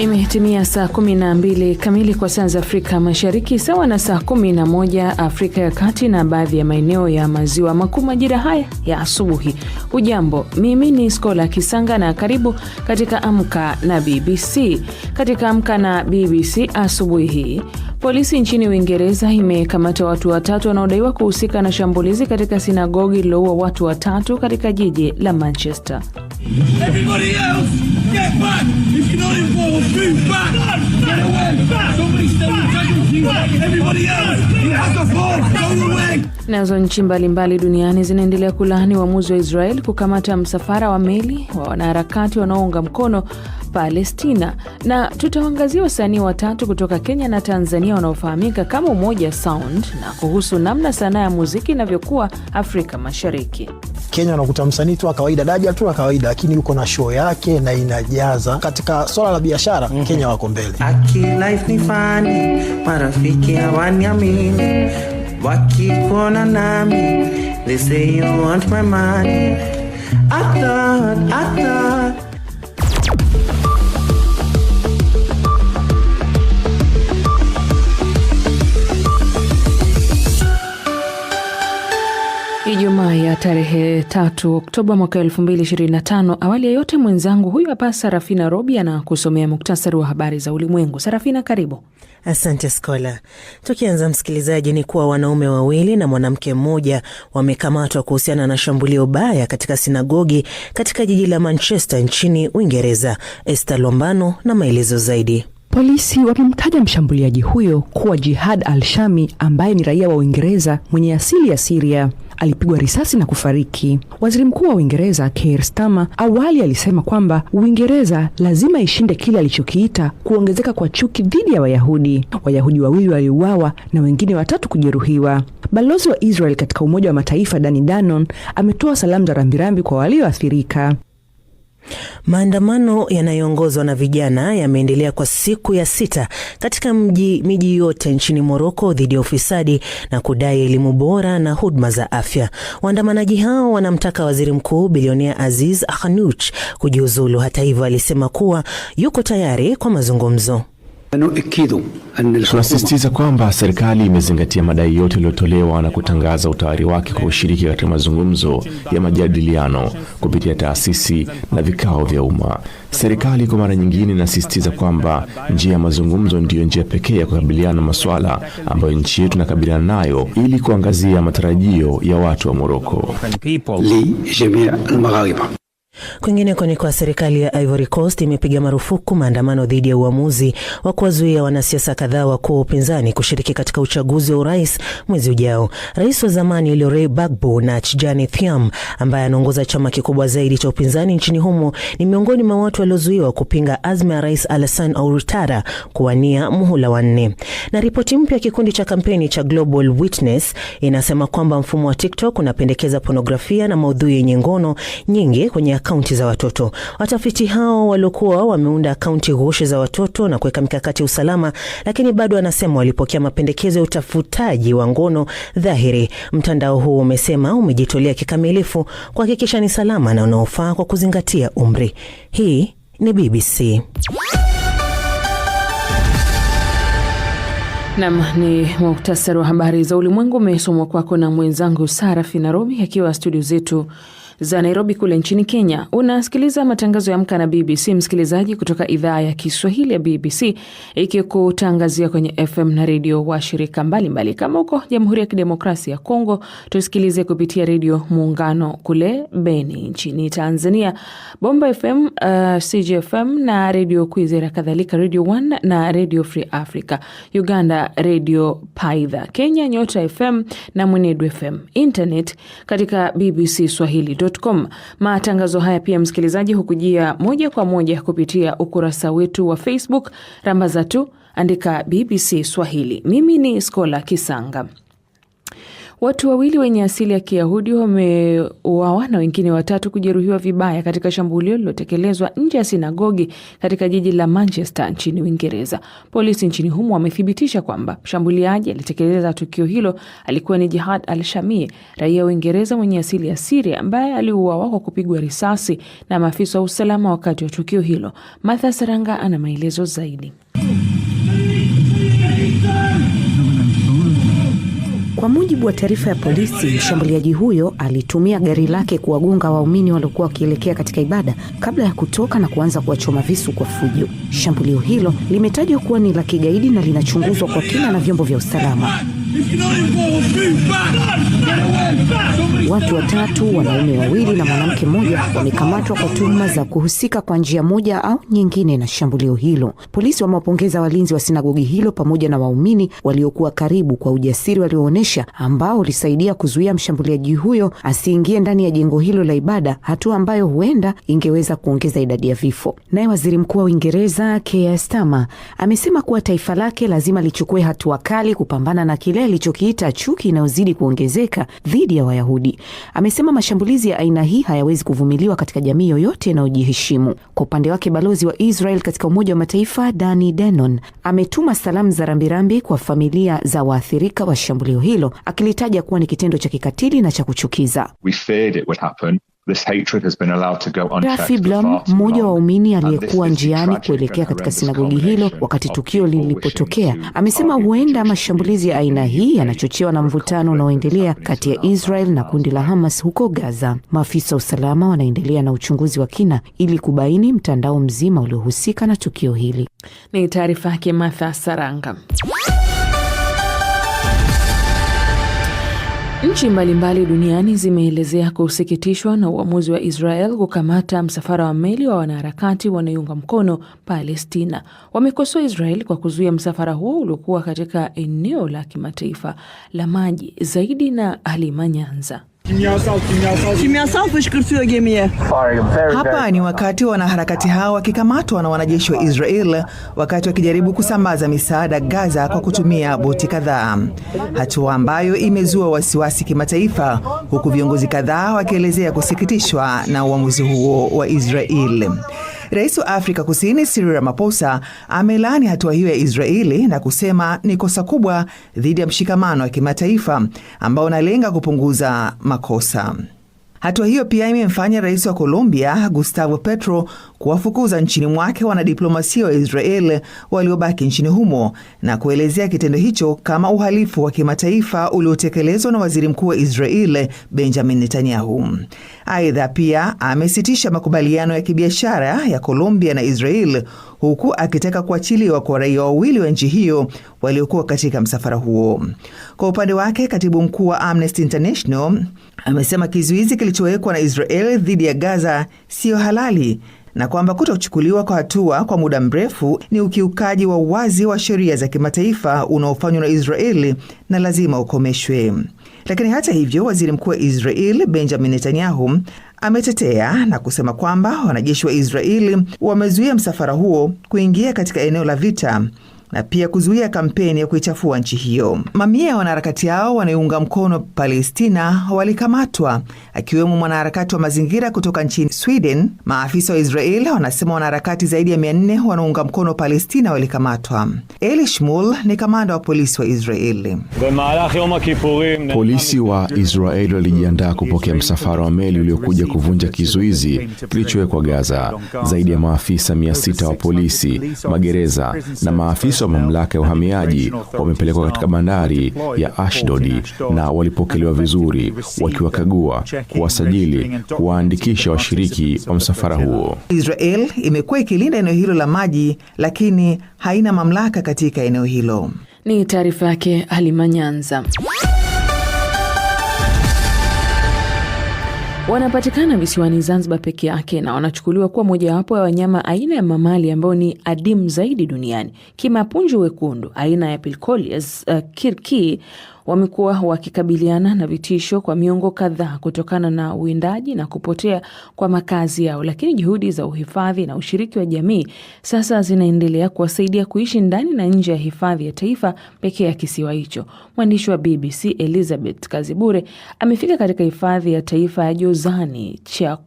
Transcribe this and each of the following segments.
Imetimia saa 12 kamili kwa saa za Afrika Mashariki, sawa na saa 11 Afrika ya Kati na baadhi ya maeneo ya maziwa makuu majira haya ya asubuhi. Ujambo, mimi ni Skola Kisanga na karibu katika Amka na BBC. Katika Amka na BBC asubuhi hii Polisi nchini Uingereza imekamata watu watatu wanaodaiwa kuhusika na shambulizi katika sinagogi lililoua watu watatu katika jiji la Manchester. Get back! If you're not involved, move back! Get away! Somebody stay in Somebody's still you like everybody else! You have to fall! Go away! Nazo nchi mbalimbali duniani zinaendelea kulaani uamuzi wa Israel kukamata msafara wa meli wa wanaharakati wanaounga mkono Palestina, na tutawaangazia wasanii watatu kutoka Kenya na Tanzania wanaofahamika kama Umoja Sound na kuhusu namna sanaa ya muziki inavyokuwa Afrika Mashariki. Kenya unakuta msanii tu wa kawaida, daja tu wa kawaida, lakini yuko na show yake na inajaza katika swala la biashara. mm -hmm. Kenya wako mbele. nami, they say you want my money. I thought, I thought. Ijumaa ya tarehe 3 Oktoba mwaka 2025. Awali ya yote, mwenzangu huyu hapa Sarafina Robi anakusomea muktasari wa habari za ulimwengu. Sarafina, karibu. Asante Skola. Tukianza msikilizaji, ni kuwa wanaume wawili na mwanamke mmoja wamekamatwa kuhusiana na shambulio baya katika sinagogi katika jiji la Manchester nchini Uingereza. Esther Lombano na maelezo zaidi. Polisi wamemtaja mshambuliaji huyo kuwa Jihad al-Shami ambaye ni raia wa Uingereza mwenye asili ya Siria. Alipigwa risasi na kufariki. Waziri Mkuu wa Uingereza Keir Starmer awali alisema kwamba Uingereza lazima ishinde kile alichokiita kuongezeka kwa chuki dhidi ya Wayahudi. Wayahudi wawili waliuawa na wengine watatu kujeruhiwa. Balozi wa Israel katika Umoja wa Mataifa Dani Danon ametoa salamu za rambirambi kwa walioathirika. Maandamano yanayoongozwa na vijana yameendelea kwa siku ya sita katika mji miji yote nchini Moroko dhidi ya ufisadi na kudai elimu bora na huduma za afya. Waandamanaji hao wanamtaka waziri mkuu bilionea Aziz Akhnouch kujiuzulu. Hata hivyo, alisema kuwa yuko tayari kwa mazungumzo. Tunasisitiza kwamba serikali imezingatia madai yote yaliyotolewa na kutangaza utayari wake kwa kushiriki katika mazungumzo ya majadiliano kupitia taasisi na vikao vya umma. Serikali kwa mara nyingine inasisitiza kwamba njia ya mazungumzo ndiyo njia pekee ya kukabiliana na masuala ambayo nchi yetu inakabiliana nayo ili kuangazia matarajio ya watu wa Moroko. Kwingineko ni kwa serikali ya Ivory Coast imepiga marufuku maandamano dhidi ya uamuzi wa kuwazuia wanasiasa kadhaa wakuu wa upinzani kushiriki katika uchaguzi wa urais mwezi ujao. Rais wa zamani Lore Bagbo na Tidjane Thiam ambaye anaongoza chama kikubwa zaidi cha upinzani nchini humo ni miongoni mwa watu waliozuiwa kupinga azma ya Rais Alassane Ouattara kuwania muhula wa nne. Na ripoti mpya ya kikundi cha kampeni cha Global Witness inasema kwamba mfumo wa TikTok unapendekeza ponografia na maudhui yenye ngono nyingi kwenye akaunti za watoto. Watafiti hao waliokuwa wameunda akaunti ghushi za watoto na kuweka mikakati ya usalama, lakini bado wanasema walipokea mapendekezo ya utafutaji wa ngono dhahiri. Mtandao huo umesema umejitolea kikamilifu kuhakikisha ni salama na unaofaa kwa kuzingatia umri. Hii ni BBC. Nam ni muhtasari wa habari za ulimwengu umesomwa kwako na mwenzangu Sarafi Nairobi akiwa studio zetu za Nairobi kule nchini Kenya. Unasikiliza matangazo ya Amka na BBC, msikilizaji, kutoka idhaa ya Kiswahili ya BBC ikikutangazia kwenye FM na redio wa shirika mbalimbali. Kama huko Jamhuri ya Kidemokrasia ya Kongo, tusikilize kupitia Redio Muungano kule Beni. Nchini Tanzania, Bomba FM, uh, CGFM na Redio Kwizera, kadhalika Redio One na Redio Free Africa. Uganda, Redio Paidha. Kenya, Nyota FM na Mwenedu FM. Internet katika bbc swahili DW.com. Matangazo haya pia, msikilizaji, hukujia moja kwa moja kupitia ukurasa wetu wa Facebook Rambaza tu, andika BBC Swahili. Mimi ni Skola Kisanga. Watu wawili wenye asili ya Kiyahudi wameuawa na wengine watatu kujeruhiwa vibaya katika shambulio lililotekelezwa nje ya sinagogi katika jiji la Manchester nchini Uingereza. Polisi nchini humo wamethibitisha kwamba mshambuliaji alitekeleza tukio hilo alikuwa ni Jihad al Shami, raia wa Uingereza mwenye asili ya Siria ambaye aliuawa kwa kupigwa risasi na maafisa wa usalama wakati wa tukio hilo. Martha Saranga ana maelezo zaidi. Kwa mujibu wa taarifa ya polisi, mshambuliaji huyo alitumia gari lake kuwagonga waumini waliokuwa wakielekea katika ibada kabla ya kutoka na kuanza kuwachoma visu kwa fujo. Shambulio hilo limetajwa kuwa ni la kigaidi na linachunguzwa kwa kina na vyombo vya usalama. Watu watatu, wanaume wawili na mwanamke mmoja, wamekamatwa kwa tuhuma za kuhusika kwa njia moja au nyingine na shambulio hilo. Polisi wamewapongeza walinzi wa sinagogi hilo pamoja na waumini waliokuwa karibu kwa ujasiri walioonyesha kutisha ambao ulisaidia kuzuia mshambuliaji huyo asiingie ndani ya jengo hilo la ibada, hatua ambayo huenda ingeweza kuongeza idadi ya vifo. Naye waziri mkuu wa Uingereza Keir Starmer amesema kuwa taifa lake lazima lichukue hatua kali kupambana na kile alichokiita chuki inayozidi kuongezeka dhidi ya Wayahudi. Amesema mashambulizi ya aina hii hayawezi kuvumiliwa katika jamii yoyote inayojiheshimu. Kwa upande wake, balozi wa Israel katika Umoja wa Mataifa Dani Denon ametuma salamu za rambirambi kwa familia za waathirika wa shambulio hili hilo akilitaja kuwa ni kitendo cha kikatili na cha kuchukiza. Rafi Blam, mmoja wa waumini aliyekuwa njiani kuelekea katika sinagogi hilo wakati tukio lilipotokea, amesema huenda mashambulizi ya aina hii yanachochewa na mvutano unaoendelea kati ya Israel na kundi la Hamas huko Gaza. Maafisa wa usalama wanaendelea na uchunguzi wa kina ili kubaini mtandao mzima uliohusika na tukio hili. Ni taarifa yake Martha Saranga. Nchi mbalimbali duniani zimeelezea kusikitishwa na uamuzi wa Israel kukamata msafara wa meli wa wanaharakati wanaoiunga mkono Palestina. Wamekosoa Israel kwa kuzuia msafara huo uliokuwa katika eneo la kimataifa la maji zaidi. Na Halima Nyanza Kimyasal, kimyasal. fışkırtıyor gemiye. Hapa ni wakati wanaharakati hao wakikamatwa na wanajeshi wa Israel wakati wakijaribu kusambaza misaada Gaza kwa kutumia boti kadhaa, hatua ambayo imezua wasiwasi kimataifa, huku viongozi kadhaa wakielezea kusikitishwa na uamuzi huo wa Israel. Rais wa Afrika Kusini siri ramaposa amelaani hatua hiyo ya Israeli na kusema ni kosa kubwa dhidi ya mshikamano wa kimataifa ambao unalenga kupunguza makosa. Hatua hiyo pia imemfanya rais wa Colombia Gustavo Petro kuwafukuza nchini mwake wanadiplomasia wa Israel waliobaki nchini humo na kuelezea kitendo hicho kama uhalifu wa kimataifa uliotekelezwa na waziri mkuu wa Israel Benjamin Netanyahu. Aidha, pia amesitisha makubaliano ya kibiashara ya Colombia na Israel huku akitaka kuachiliwa kwa raia wawili wa nchi hiyo waliokuwa katika msafara huo. Kwa upande wake, katibu mkuu wa Amnesty International amesema kizuizi kilichowekwa na Israeli dhidi ya Gaza siyo halali na kwamba kutochukuliwa kwa hatua kwa muda mrefu ni ukiukaji wa wazi wa sheria za kimataifa unaofanywa na Israeli na lazima ukomeshwe. Lakini hata hivyo, waziri mkuu wa Israel Benjamin Netanyahu ametetea na kusema kwamba wanajeshi wa Israeli wamezuia msafara huo kuingia katika eneo la vita na pia kuzuia kampeni ya kuichafua nchi hiyo. Mamia ya wanaharakati hao wanaiunga mkono Palestina walikamatwa, akiwemo mwanaharakati wa mazingira kutoka nchini Sweden. Maafisa wa Israel wanasema wanaharakati zaidi ya nne wanaunga mkono Palestina walikamatwa. Eli Shmul ni kamanda wa polisi wa Israeli. Polisi wa Israeli walijiandaa kupokea msafara wa meli uliokuja kuvunja kizuizi kilichowekwa Gaza. Zaidi ya maafisa sita wa polisi, magereza na maafisa maafisa wa mamlaka ya uhamiaji wamepelekwa katika bandari ya Ashdodi na walipokelewa vizuri, wakiwakagua, kuwasajili, kuwaandikisha washiriki wa msafara huo. Israel imekuwa ikilinda eneo hilo la maji, lakini haina mamlaka katika eneo hilo. Ni taarifa yake alimanyanza Wanapatikana visiwani Zanzibar peke yake na wanachukuliwa kuwa mojawapo ya wanyama aina ya mamali ambao ni adimu zaidi duniani. Kimapunju wekundu aina ya Pilcolis uh, eh, kirki wamekuwa wakikabiliana na vitisho kwa miongo kadhaa kutokana na uwindaji na kupotea kwa makazi yao, lakini juhudi za uhifadhi na ushiriki wa jamii sasa zinaendelea kuwasaidia kuishi ndani na nje ya hifadhi ya taifa pekee ya kisiwa hicho. Mwandishi wa BBC Elizabeth Kazibure amefika katika hifadhi ya taifa ya Jozani cha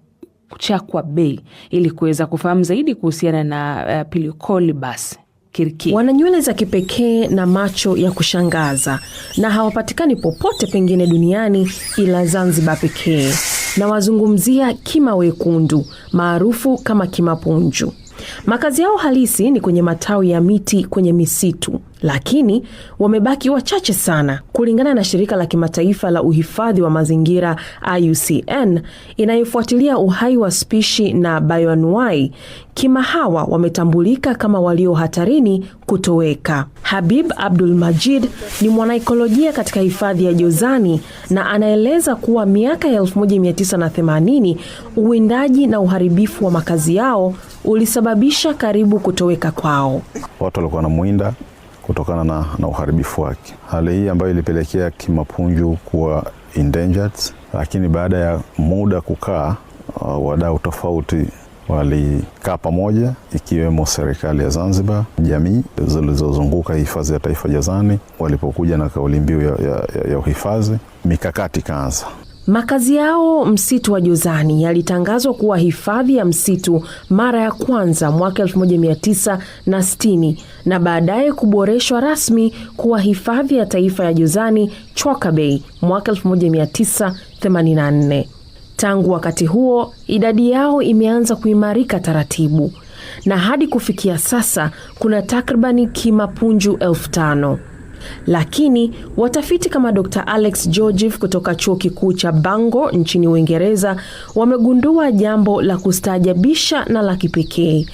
Chakwa Bay ili kuweza kufahamu zaidi kuhusiana na uh, eh, Pilikolibas Kirki. Wana nywele za kipekee na macho ya kushangaza na hawapatikani popote pengine duniani ila Zanzibar pekee. Na wazungumzia kima wekundu maarufu kama kimapunju. Makazi yao halisi ni kwenye matawi ya miti kwenye misitu lakini wamebaki wachache sana. Kulingana na shirika la kimataifa la uhifadhi wa mazingira IUCN inayofuatilia uhai wa spishi na bioanuai, kima hawa wametambulika kama walio hatarini kutoweka. Habib Abdul Majid ni mwanaikolojia katika hifadhi ya Jozani na anaeleza kuwa miaka ya 1980 uwindaji na uharibifu wa makazi yao ulisababisha karibu kutoweka kwao. Watu walikuwa wanamwinda kutokana na, na uharibifu wake. Hali hii ambayo ilipelekea kimapunju kuwa endangered, lakini baada ya muda kukaa, uh, wadau tofauti walikaa pamoja ikiwemo serikali ya Zanzibar, jamii zilizozunguka hifadhi ya taifa Jazani walipokuja na kauli mbiu ya, ya, ya uhifadhi, mikakati ikaanza. Makazi yao msitu wa Jozani yalitangazwa kuwa hifadhi ya msitu mara ya kwanza mwaka 1960 na baadaye kuboreshwa rasmi kuwa hifadhi ya taifa ya Jozani Chwaka Bay mwaka 1984. Tangu wakati huo idadi yao imeanza kuimarika taratibu na hadi kufikia sasa kuna takribani kimapunju elfu tano. Lakini watafiti kama Dr. Alex Georgiev kutoka Chuo Kikuu cha Bango nchini Uingereza wamegundua jambo la kustaajabisha na la kipekee.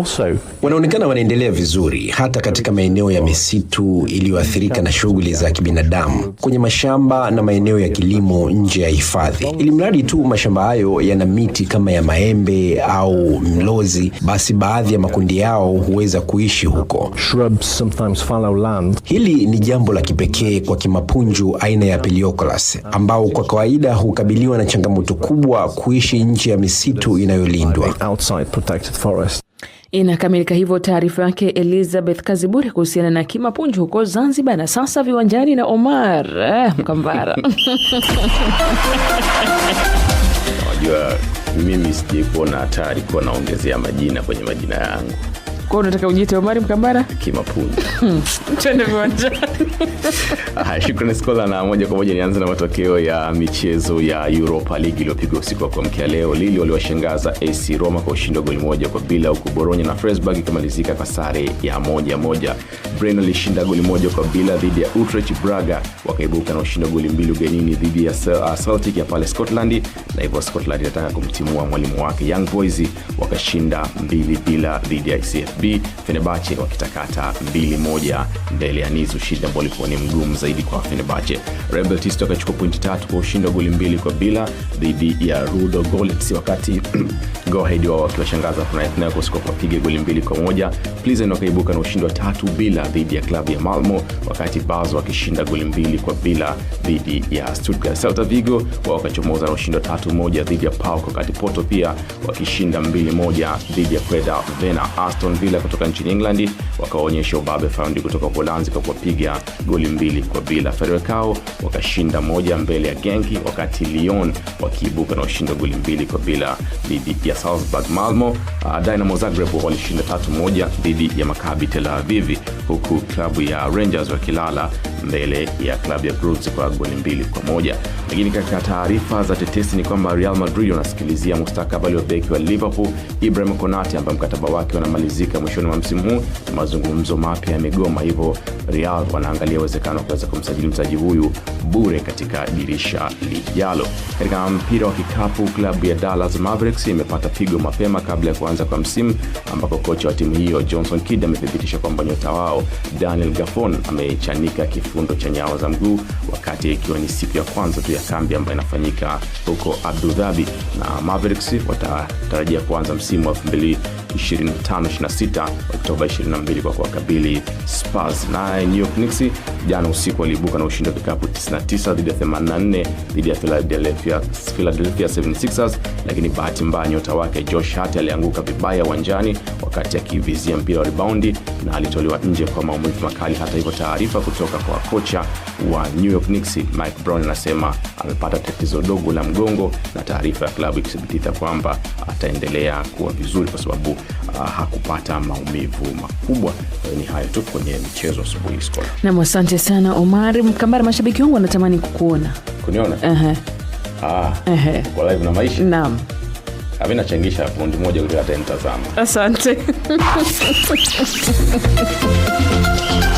Also... wanaonekana wanaendelea vizuri hata katika maeneo ya misitu iliyoathirika na shughuli za kibinadamu, kwenye mashamba na maeneo ya kilimo nje ya hifadhi, ili mradi tu mashamba hayo yana miti kama ya maembe au mlozi, basi baadhi ya makundi yao huweza kuishi huko. Shrubs sometimes follow land. Hili ni jambo la kipekee kwa kimapunju aina ya Peliocolas ambao kwa kawaida hukabiliwa na changamoto kubwa kuishi nje ya misitu inayolindwa. Inakamilika hivyo taarifa yake Elizabeth kazibure kuhusiana na kimapunju huko Zanzibar. Na sasa viwanjani na Omar eh, Mkambara. Unajua mimi sijaikuwa hatari kuwa naongezea majina kwenye majina yangu kwao unataka ujite omari mkambara kimapunda hmm. twende viwanjani haya shukrani skola na moja kwa moja nianze na matokeo ya michezo ya europa ligi iliyopigwa usiku wa kuamkia leo lili waliwashangaza ac roma kwa ushindi wa goli moja kwa bila huku boronya na fresburg ikimalizika kwa sare ya moja moja bren alishinda goli moja kwa bila dhidi ya utrech braga wakaibuka na ushindi wa goli mbili ugenini dhidi ya celtic ya pale scotland na hivyo scotland inataka kumtimua mwalimu wake young boys wakashinda mbili bila dhidi ya cfb fenebache wakitakata mbili moja mbele ya Nice, ushindi ambao ulikuwa ni mgumu zaidi kwa fenebache Real Betis wakachukua pointi tatu kwa ushindi wa goli mbili kwa bila dhidi ya Rudo Goretz, wakati Go wao wakiwashangaza Panathinaikos kwa kuwapiga goli mbili kwa moja. plizen wakaibuka na ushindi wa tatu bila dhidi ya klabu ya Malmo, wakati bazo wakishinda goli mbili kwa bila dhidi ya Stuttgart. Celta Vigo wao wakachomoza na ushindi wa tatu moja dhidi ya PAOK, wakati poto pia wakishinda mbili moja dhidi ya kweda Vena. Aston Villa kutoka nchini England wakawaonyesha ubabe faundi kutoka Uholanzi kwa kuwapiga goli mbili kwa bila. ferekao wakashinda moja mbele ya Genki, wakati Lyon wakiibuka na ushindi wa goli mbili kwa bila dhidi ya Salzburg. Malmo, uh, ah, Dynamo Zagreb walishinda tatu moja dhidi ya makabi Tel Aviv, huku klabu ya Rangers wakilala mbele ya klabu ya Brugge kwa goli mbili kwa moja. Lakini katika taarifa za tetesi ni kwamba Real Madrid wanasikilizia mustakabali wa beki wa Liverpool Ibrahim Konate ambaye mkataba wake unamalizika mwishoni mwa msimu huu na mazungumzo mapya yamegoma, hivyo Real wanaangalia uwezekano wa kuweza kumsajili mchezaji huyu bure katika dirisha lijalo. Katika mpira wa kikapu, klabu ya Dallas Mavericks imepata pigo mapema kabla ya kuanza kwa msimu, ambako kocha wa timu hiyo Johnson Kidd amethibitisha kwamba nyota wao Daniel Gafon amechanika kifundo cha nyawa za mguu, wakati ikiwa ni siku ya kwanza tu ya kambi ambayo inafanyika huko Abu Dhabi, na Mavericks watatarajia kuanza там всі мавбелі 25-26 Oktoba 22 kwa kuwakabili Spurs. Naye New York Knicks jana usiku aliibuka na ushindi wa vikapu 99 dhidi ya 84 dhidi ya Philadelphia, Philadelphia 76ers, lakini bahati mbaya nyota wake Josh Hart alianguka vibaya uwanjani wakati akivizia mpira wa ribaundi na alitolewa nje kwa maumivu makali. Hata hivyo, taarifa kutoka kwa kocha wa New York Knicks Mike Brown anasema amepata tatizo dogo la mgongo, na taarifa ya klabu ikithibitisha kwamba ataendelea kuwa vizuri kwa sababu uh, hakupata maumivu makubwa. Eh, ni hayo tu kwenye michezo asubuhi. Nam, asante sana omar Mkambara. Mashabiki wangu wanatamani kukuona, kuniona uh-huh. Ah, uh-huh. Kwa live na maisha nam avinachangisha pundi moja ulio Asante.